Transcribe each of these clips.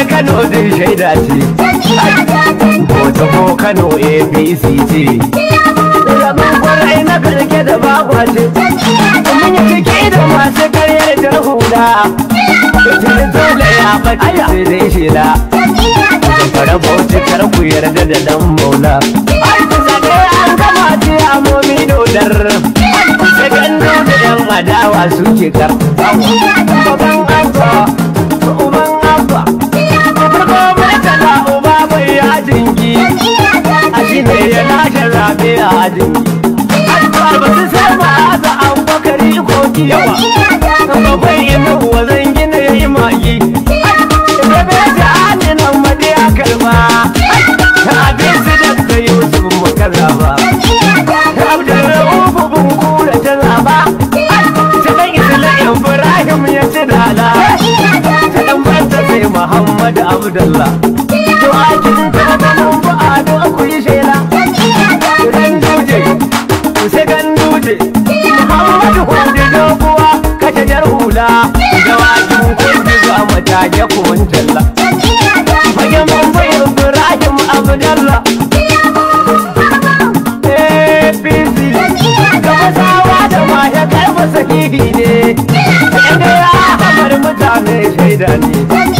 yar Kano zai shaida ce. Bota Kano ABC ce. Rabin kwarai na karke da bakwa Mun yi kike da masu karyar ta huda. Ita dole ya faɗi sai dai shela. Kara kar ku yarda da dan maula. Ai ku sake an gama ce a momi dodar. Sai gando da yan adawa suke kar. jinki albasu sai ma'aza abubakar ko kiyawa yi ina uwa gina ya yi magi rabe da alinan madiya kalma ta abin su da ta yi musu makarra ba abdar rahufu bin kura ta zaba ta dan islayen ibrahim ya ci dala ta dan banta sai muhammad abdallah hude Muhammadu hude doguwa kashe jar hula Dawakin hudu ga mataje kun talla Fagen bambai Ibrahim Abdalla APC Gabasawa da mahe karfa sahihi ne Inda ya hamar mutane shaida ne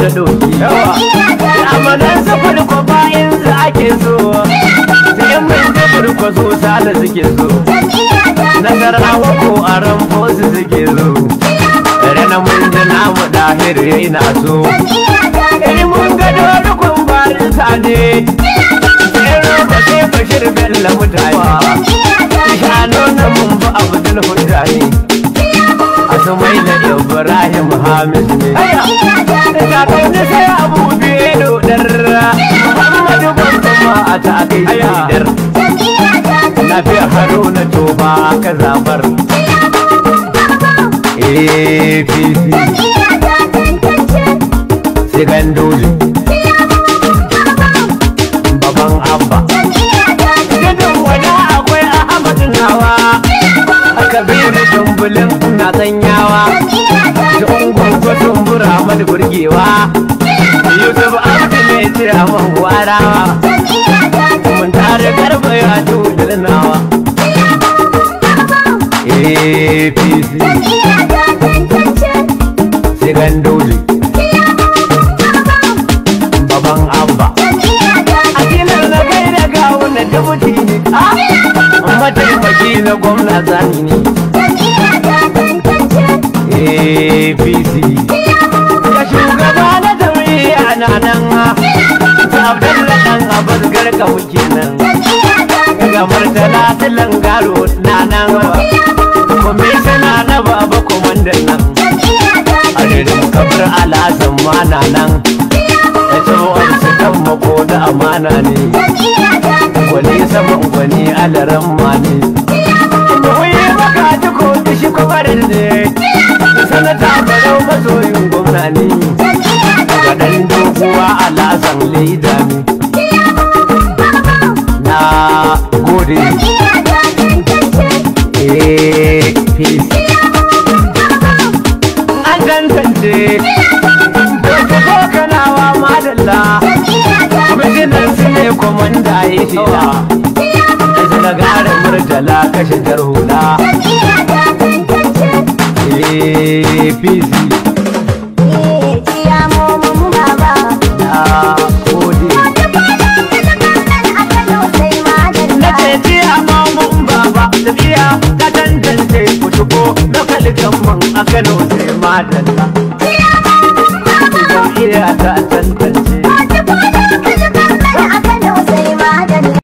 da doki yawa amalan sufur ko bayan su ake so sai mun so suke so aran fosu suke so dare na mun namu ina so ni mun ga dole kun sa ne sai roba bashir bella shano na mun ba abdul hujjani a sumai da ibrahim hamid ne ta kai haidar lafiya haruna toba ka zabar APC eh, Sigandoli Baban Abba Gadon wada akwai Ahmad Nawa Kabiru Jumbulin na sanyawa burgewa. gwagwatun Buramad Gurgewa Yusuf Abdullahi Tiraman Gwarawa mun tare karfe ya dole nawa APC sai gandoli baban abba a kinar na kai da gawunan dabuti ne mataimaki na gwamna zani ne APC ga shugaba na jami'a na nan ah. bello ɗan abin garka muke nan ga martala tilan garo na nan kwamishina na baba kwamandan nan a jirin kabar alasan mana nan ya ce wa'arsu kan mako da amana ne wani sama gwani alaran mani da wuyi baka ji ko dishi kwabarin ne sanata barau masoyin gwamnani na san leda ne na gode eh, an tantance ko kanawa madalla mutunan su ne komanda ya shida da sinagarin murtala kashe eh, peace man a Kano sai madalla. Jam'iyya ta tantance